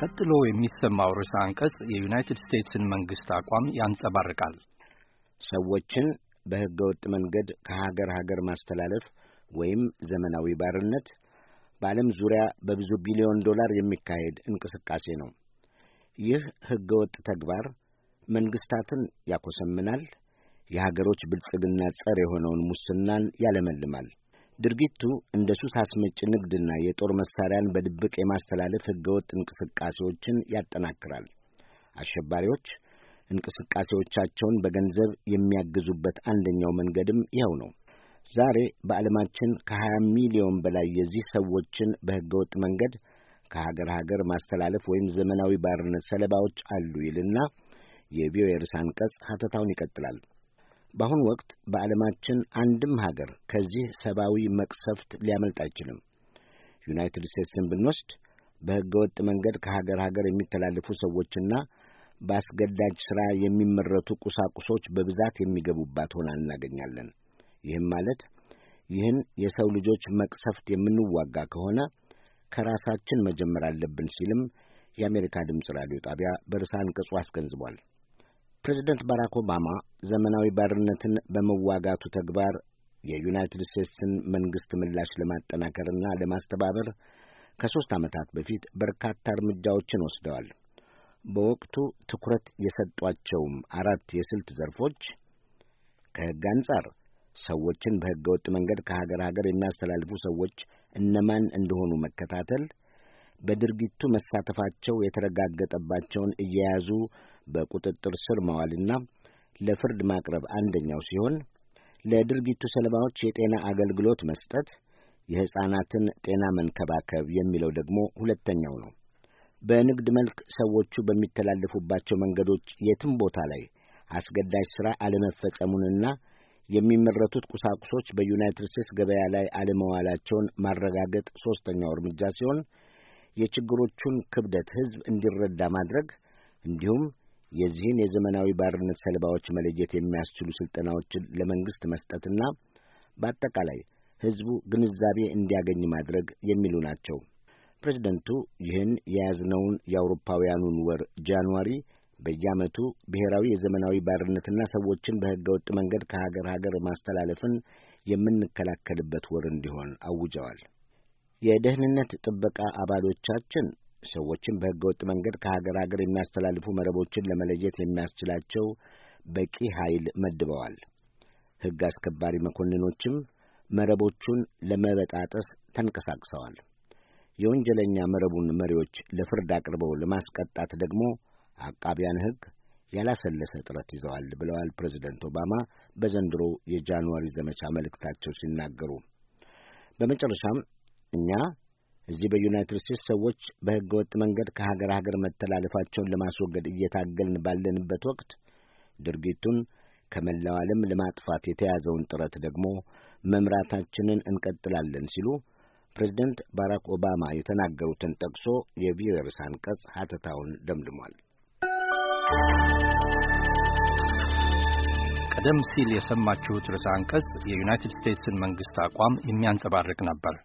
ቀጥሎ የሚሰማው ርዕሰ አንቀጽ የዩናይትድ ስቴትስን መንግሥት አቋም ያንጸባርቃል። ሰዎችን በሕገ ወጥ መንገድ ከሀገር ሀገር ማስተላለፍ ወይም ዘመናዊ ባርነት በዓለም ዙሪያ በብዙ ቢሊዮን ዶላር የሚካሄድ እንቅስቃሴ ነው። ይህ ሕገ ወጥ ተግባር መንግስታትን ያኮሰምናል፣ የሀገሮች ብልጽግና ጸር የሆነውን ሙስናን ያለመልማል። ድርጊቱ እንደ ሱስ አስመጪ ንግድና የጦር መሳሪያን በድብቅ የማስተላለፍ ሕገወጥ እንቅስቃሴዎችን ያጠናክራል። አሸባሪዎች እንቅስቃሴዎቻቸውን በገንዘብ የሚያግዙበት አንደኛው መንገድም ይኸው ነው። ዛሬ በዓለማችን ከ20 ሚሊዮን በላይ የዚህ ሰዎችን በሕገወጥ መንገድ ከሀገር ሀገር ማስተላለፍ ወይም ዘመናዊ ባርነት ሰለባዎች አሉ ይልና የቪኦኤ ርዕሰ አንቀጽ ሐተታውን ይቀጥላል። በአሁኑ ወቅት በዓለማችን አንድም ሀገር ከዚህ ሰብአዊ መቅሰፍት ሊያመልጥ አይችልም። ዩናይትድ ስቴትስን ብንወስድ በሕገ ወጥ መንገድ ከሀገር ሀገር የሚተላለፉ ሰዎችና በአስገዳጅ ሥራ የሚመረቱ ቁሳቁሶች በብዛት የሚገቡባት ሆና እናገኛለን። ይህም ማለት ይህን የሰው ልጆች መቅሰፍት የምንዋጋ ከሆነ ከራሳችን መጀመር አለብን ሲልም የአሜሪካ ድምፅ ራዲዮ ጣቢያ በርዕሰ አንቀጹ አስገንዝቧል። ፕሬዝደንት ባራክ ኦባማ ዘመናዊ ባርነትን በመዋጋቱ ተግባር የዩናይትድ ስቴትስን መንግሥት ምላሽ ለማጠናከርና ለማስተባበር ከሦስት ዓመታት በፊት በርካታ እርምጃዎችን ወስደዋል። በወቅቱ ትኩረት የሰጧቸውም አራት የስልት ዘርፎች ከሕግ አንጻር ሰዎችን በሕገ ወጥ መንገድ ከሀገር ሀገር የሚያስተላልፉ ሰዎች እነማን እንደሆኑ መከታተል፣ በድርጊቱ መሳተፋቸው የተረጋገጠባቸውን እየያዙ በቁጥጥር ስር መዋልና ለፍርድ ማቅረብ አንደኛው ሲሆን ለድርጊቱ ሰለባዎች የጤና አገልግሎት መስጠት፣ የሕፃናትን ጤና መንከባከብ የሚለው ደግሞ ሁለተኛው ነው። በንግድ መልክ ሰዎቹ በሚተላለፉባቸው መንገዶች የትም ቦታ ላይ አስገዳጅ ሥራ አለመፈጸሙንና የሚመረቱት ቁሳቁሶች በዩናይትድ ስቴትስ ገበያ ላይ አለመዋላቸውን ማረጋገጥ ሦስተኛው እርምጃ ሲሆን የችግሮቹን ክብደት ሕዝብ እንዲረዳ ማድረግ እንዲሁም የዚህን የዘመናዊ ባርነት ሰለባዎች መለየት የሚያስችሉ ስልጠናዎችን ለመንግሥት መስጠትና በአጠቃላይ ሕዝቡ ግንዛቤ እንዲያገኝ ማድረግ የሚሉ ናቸው። ፕሬዚደንቱ ይህን የያዝነውን የአውሮፓውያኑን ወር ጃንዋሪ በየዓመቱ ብሔራዊ የዘመናዊ ባርነትና ሰዎችን በሕገ ወጥ መንገድ ከሀገር ሀገር ማስተላለፍን የምንከላከልበት ወር እንዲሆን አውጀዋል። የደህንነት ጥበቃ አባሎቻችን ሰዎችን ወጥ መንገድ ከሀገር ሀገር የሚያስተላልፉ መረቦችን ለመለየት የሚያስችላቸው በቂ ኃይል መድበዋል። ሕግ አስከባሪ መኮንኖችም መረቦቹን ለመበጣጠስ ተንቀሳቅሰዋል። የወንጀለኛ መረቡን መሪዎች ለፍርድ አቅርበው ለማስቀጣት ደግሞ አቃቢያን ሕግ ያላሰለሰ ጥረት ይዘዋል ብለዋል ፕሬዚደንት ኦባማ በዘንድሮ የጃንዋሪ ዘመቻ መልእክታቸው ሲናገሩ። በመጨረሻም እኛ እዚህ በዩናይትድ ስቴትስ ሰዎች ወጥ መንገድ ከሀገር ሀገር መተላለፋቸውን ለማስወገድ እየታገልን ባለንበት ወቅት ድርጊቱን ከመላው ዓለም ለማጥፋት የተያዘውን ጥረት ደግሞ መምራታችንን እንቀጥላለን ሲሉ ፕሬዚደንት ባራክ ኦባማ የተናገሩትን ጠቅሶ የቪኦኤ ርዕሰ አንቀጽ ሀተታውን ደምድሟል። ቀደም ሲል የሰማችሁት ርዕሰ አንቀጽ የዩናይትድ ስቴትስን መንግሥት አቋም የሚያንጸባርቅ ነበር።